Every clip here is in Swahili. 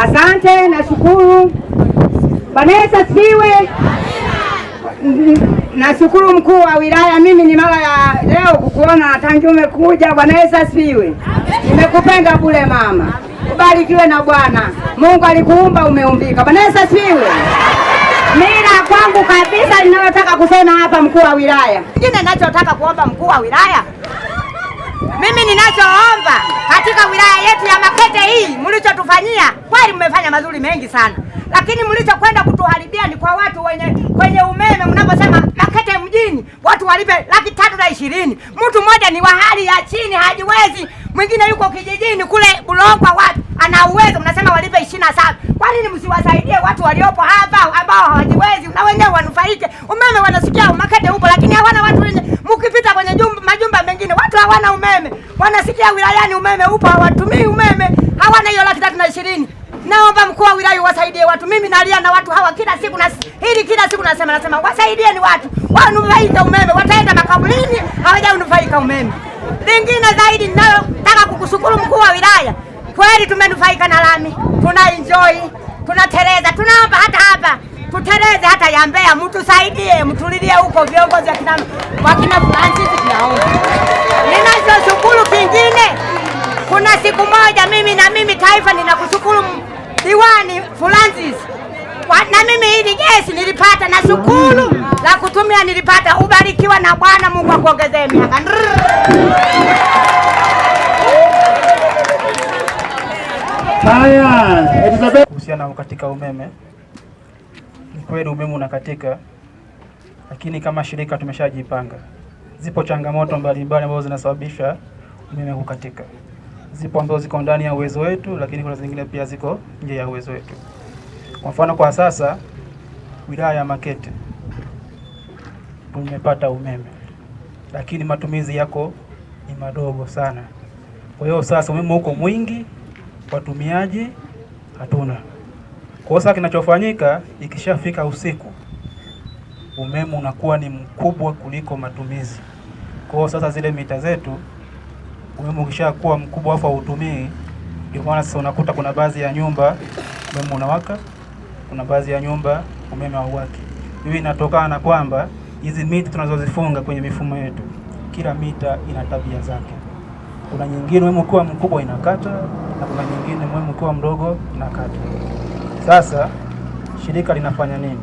Asante, nashukuru. Bwana Yesu asifiwe. Nashukuru mkuu wa wilaya, mimi ni mara ya leo kukuona tangi umekuja. Bwana Yesu asifiwe. Nimekupenda bure mama, ubarikiwe na Bwana Mungu. Alikuumba umeumbika. Bwana Yesu asifiwe. Mila kwangu kabisa, ninayotaka kusema hapa, mkuu wa wilaya, kingine ninachotaka kuomba mkuu wa wilaya mimi ninachoomba katika wilaya yetu ya Makete hii, mlichotufanyia kweli, mmefanya mazuri mengi sana, lakini mlichokwenda kutuharibia ni kwa watu wenye kwenye umeme. Mnaposema Makete mjini watu walipe laki tatu na ishirini, mtu mmoja ni wa hali ya chini, hajiwezi, mwingine yuko kijijini kule Bulongwa, watu ana uwezo, mnasema walipe ishirini na saba. Kwa nini msiwasaidie watu waliopo hapa ambao hawajiwezi, na wenyewe wanufaike umeme? Wanasikia Makete hawana umeme, wanasikia wilayani umeme upo, hawatumii umeme, hawana hiyo laki tatu na ishirini. Naomba mkuu wa wilaya wasaidie watu. Mimi nalia na watu hawa kila siku na hili kila siku nasema nasema wasaidie ni watu. Wanufaika umeme, wataenda makaburini, hawajanufaika umeme. Lingine zaidi ninayotaka kukushukuru mkuu wa wilaya. Kweli tumenufaika na lami. Tuna enjoy, tunatereza, tunaomba hata hapa. Tutereze hata ya Mbeya, mtusaidie, mtulilie huko viongozi wa kina wa kina Francis tunaomba ninachoshukuru kingine, kuna siku moja mimi na mimi taifa ninakushukuru diwani Francis na mimi hili gesi nilipata na shukuru la kutumia nilipata. Ubarikiwa na Bwana Mungu akuongezee miaka. kuhusiana katika umeme, ni kweli umeme unakatika, lakini kama shirika tumeshajipanga Zipo changamoto mbalimbali ambazo zinasababisha umeme kukatika. Zipo ambazo ziko ndani ya uwezo wetu, lakini kuna zingine pia ziko nje ya uwezo wetu. Kwa mfano, kwa sasa wilaya ya Makete tumepata umeme, lakini matumizi yako ni madogo sana. Kwa hiyo sasa umeme uko mwingi, watumiaji hatuna. Kwa sasa kinachofanyika ikishafika usiku umeme unakuwa ni mkubwa kuliko matumizi. Kwa hiyo sasa zile mita zetu umeme ukishakuwa mkubwa afu hautumii, ndio maana sasa unakuta kuna baadhi ya nyumba umeme unawaka, kuna baadhi ya nyumba umeme hauwaki. Hiyo inatokana na kwamba hizi mita tunazozifunga kwenye mifumo yetu, kila mita ina tabia zake. Kuna nyingine umeme ukiwa mkubwa inakata na kuna nyingine umeme ukiwa mdogo inakata. Sasa shirika linafanya nini?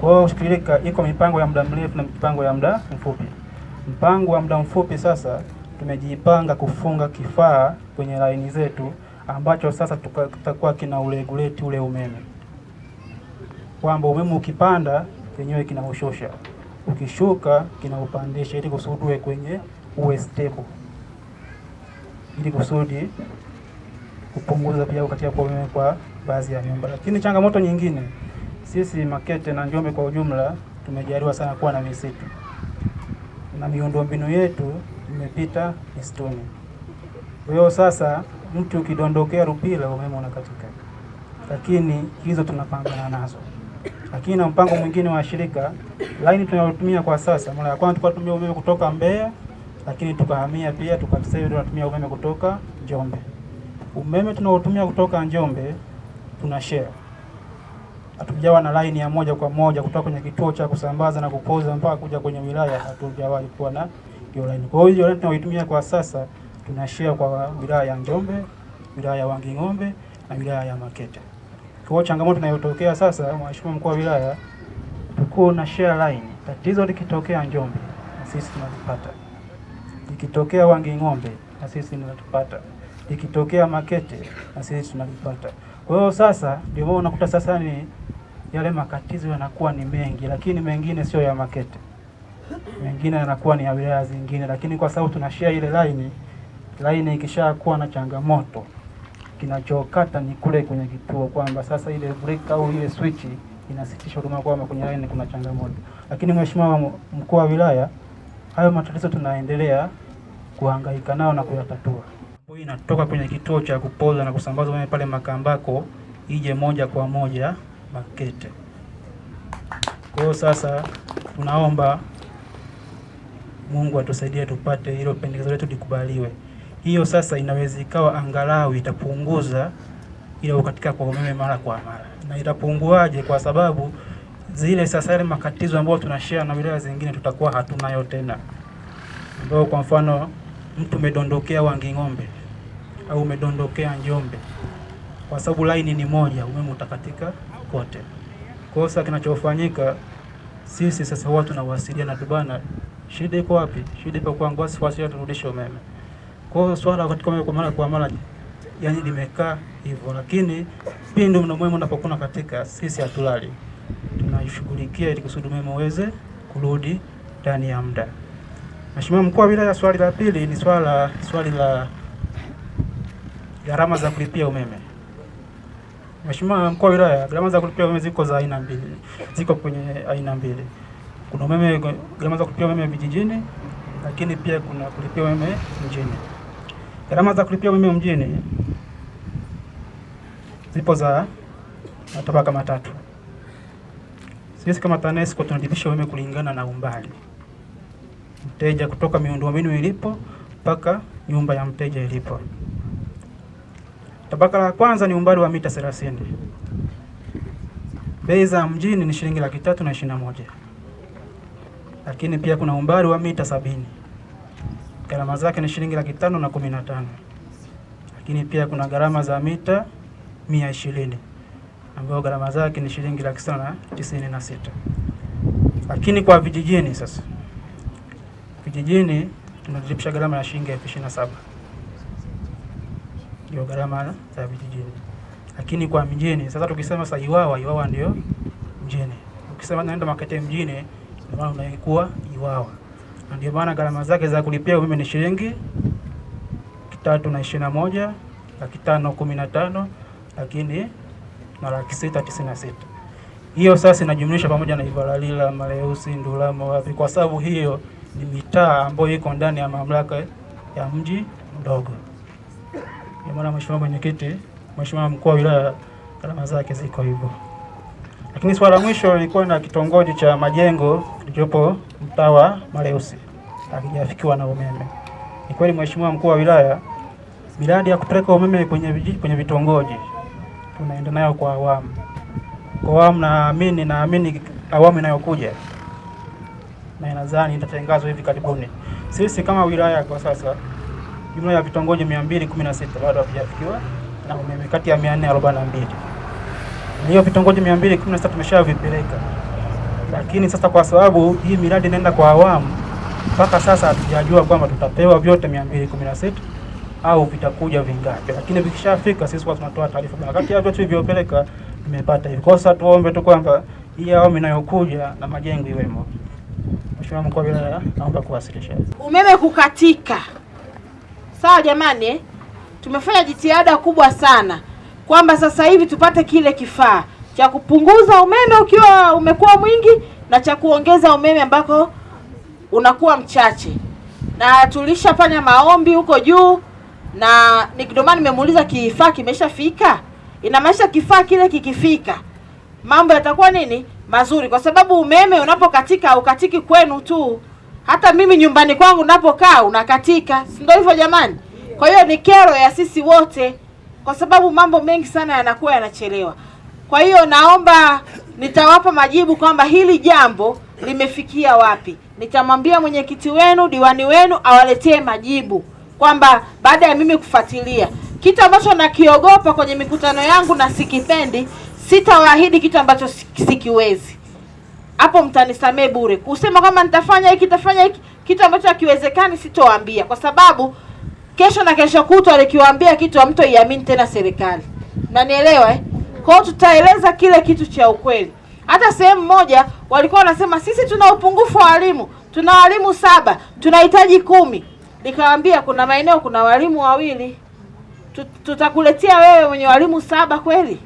Kwa hiyo shirika iko mipango ya muda mrefu na mipango ya muda mfupi. Mpango wa muda mfupi sasa tumejipanga kufunga kifaa kwenye laini zetu ambacho sasa tutakuwa kina ureguleti ule umeme, kwamba umeme ukipanda kenyewe kinaushusha ukishuka kinaupandisha, ili kusudi kwenye uwe stable, ili kusudi kupunguza pia kukatika kwa umeme kwa baadhi ya nyumba. Lakini changamoto nyingine sisi Makete na Njombe kwa ujumla tumejaliwa sana kuwa na misitu na miundombinu yetu imepita misituni. Kwa hiyo sasa, mti ukidondokea rupila umeme unakatika, lakini hizo tunapambana nazo. Lakini na mpango mwingine wa shirika, laini tunayotumia kwa sasa, mara ya kwanza tulikuwa tunatumia umeme kutoka Mbeya, lakini tukahamia pia tukasema tunatumia umeme kutoka Njombe. Umeme tunaotumia kutoka Njombe tuna share hatujawa na line ya moja kwa moja kutoka kwenye kituo cha kusambaza na kupoza mpaka kuja kwenye wilaya, hatujawahi kuwa na hiyo line. Kwa hiyo line tunayoitumia kwa sasa tuna share kwa wilaya ya Njombe, wilaya ya Wanging'ombe na wilaya ya Makete. Kwa changamoto inayotokea sasa, Mheshimiwa Mkuu wa Wilaya, tuko na share line. Tatizo likitokea Njombe na sisi tunalipata, likitokea Wanging'ombe na sisi tunalipata, likitokea Makete na sisi tunalipata. Kwa hiyo sasa ndio unakuta sasa ni yale makatizo yanakuwa ni mengi, lakini mengine sio ya Makete, mengine yanakuwa ni ya wilaya zingine, lakini kwa sababu tunashia ile laini, laini ikishakuwa na changamoto kinachokata ni kule kwenye kituo, kwamba sasa ile break au ile switch inasitisha huduma, kwamba kwenye laini kuna changamoto. Lakini Mheshimiwa Mkuu wa Wilaya, hayo matatizo tunaendelea kuhangaika nao na kuyatatua. Inatoka kwenye kituo cha kupoza na kusambaza umeme pale Makambako ije moja kwa moja Makete. Kwa hiyo sasa tunaomba Mungu atusaidie tupate hilo pendekezo letu likubaliwe. Hiyo sasa inaweza ikawa angalau itapunguza ile kukatika kwa umeme mara kwa mara. Na itapunguaje? Kwa sababu zile sasa ile makatizo ambayo tunashare na wilaya zingine tutakuwa hatunayo tena, ambayo kwa mfano mtu umedondokea Wanging'ombe au umedondokea Njombe, kwa sababu laini ni moja, umeme utakatika kote. sasa kinachofanyika sisi sasa watu na wasiliana tu bana, shida iko wapi? Shida ipo kwangu, wasiwasi turudishe umeme. Kwa hiyo swala katika umeme kwa mara kwa mara yani limekaa hivyo, lakini pindi umeme unapokuwa katika, sisi hatulali, tunashughulikia ili kusudi umeme uweze kurudi ndani ya muda. Mheshimiwa mkuu wa wilaya, swali la pili ni swala swali la gharama za kulipia umeme. Mheshimiwa Mkuu wa Wilaya, gharama za kulipia umeme ziko za aina mbili, ziko kwenye aina mbili. Kuna umeme gharama za kulipia umeme vijijini, lakini pia kuna kulipia umeme mjini. Gharama za kulipia umeme mjini zipo za matabaka matatu. Sisi kama TANESCO tunadibisha umeme kulingana na umbali mteja kutoka miundombinu ilipo mpaka nyumba ya mteja ilipo. Tabaka la kwanza ni umbali wa mita 30. Bei za mjini ni shilingi laki tatu na ishirini na moja, lakini pia kuna umbali wa mita sabini, gharama zake ni shilingi laki tano na kumi na tano, lakini pia kuna gharama za mita mia ishirini ambayo gharama zake ni shilingi laki sita na tisini na sita. Lakini kwa vijijini sasa, vijijini tunalipisha gharama ya shilingi elfu ishirini na saba ndio gharama za vijijini. Lakini kwa mjini sasa, tukisema sasa Iwawa, Iwawa ndio mjini. Ukisema naenda Makete mjini, ndio maana unaikuwa Iwawa, na ndio maana gharama zake za kulipia umeme ni shilingi tatu na ishirini na moja laki tano kumi na tano lakini na laki sita tisini na sita hiyo sasa inajumlisha pamoja na Ivalalila, Maleusi, Ndulama, Wapi, kwa sababu hiyo ni mitaa ambayo iko ndani ya mamlaka ya mji mdogo maana mheshimiwa mwenyekiti, mheshimiwa mkuu wa wilaya, gharama zake ziko hivyo. Lakini swala la mwisho ilikuwa na kitongoji cha majengo kilichopo mtaa wa Maleusi akijafikiwa na umeme. Ni kweli mheshimiwa mkuu wa wilaya, miradi ya kupeleka umeme kwenye kwenye vitongoji tunaenda nayo kwa awamu kwa awamu, naamini naamini awamu inayokuja na nadhani itatangazwa hivi karibuni. Sisi kama wilaya kwa sasa jumla ya vitongoji 216 bado havijafikiwa na umeme kati ya 442. Hiyo vitongoji 216 tumeshavipeleka, lakini sasa kwa sababu hii miradi inaenda kwa awamu, mpaka sasa hatujajua kwamba tutapewa vyote 216 au vitakuja vingapi, lakini vikishafika sisi kwa tunatoa taarifa bwana, kati ya vyote vilivyopeleka tumepata hivi. Kwa sasa tuombe tu kwamba hii awamu inayokuja na majengo iwemo. Mheshimiwa Mkuu wa Wilaya, naomba kuwasilisha. Umeme kukatika Sawa jamani, tumefanya jitihada kubwa sana kwamba sasa hivi tupate kile kifaa cha kupunguza umeme ukiwa umekuwa mwingi na cha kuongeza umeme ambako unakuwa mchache, na tulishafanya maombi huko juu, na ndio maana nimemuuliza kifaa kimeshafika. Inamaanisha kifaa kile kikifika, mambo yatakuwa nini mazuri, kwa sababu umeme unapokatika haukatiki kwenu tu, hata mimi nyumbani kwangu napokaa unakatika, si ndio hivyo jamani? Kwa hiyo ni kero ya sisi wote, kwa sababu mambo mengi sana yanakuwa yanachelewa. Kwa hiyo naomba nitawapa majibu kwamba hili jambo limefikia wapi. Nitamwambia mwenyekiti wenu, diwani wenu awaletee majibu kwamba baada ya mimi kufuatilia kitu ambacho nakiogopa kwenye mikutano yangu na sikipendi, sitawaahidi kitu ambacho sikiwezi hapo mtanisamee bure. Kusema kama nitafanya hiki nitafanya hiki kitu ambacho hakiwezekani, sitowaambia kwa sababu kesho na kesho kutwa nikiwaambia kitu hamtoiamini tena serikali. nanielewa eh? Kwa hiyo tutaeleza kile kitu cha ukweli. Hata sehemu moja walikuwa wanasema sisi tuna upungufu wa walimu, tuna walimu saba, tunahitaji kumi. nikawambia kuna maeneo kuna walimu wawili, tutakuletea wewe mwenye walimu saba kweli?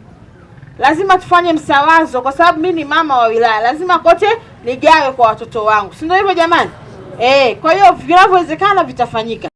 lazima tufanye msawazo, kwa sababu mi ni mama wa wilaya, lazima kote nigawe kwa watoto wangu, si ndio hivyo jamani? Eh, kwa hiyo vinavyowezekana vitafanyika.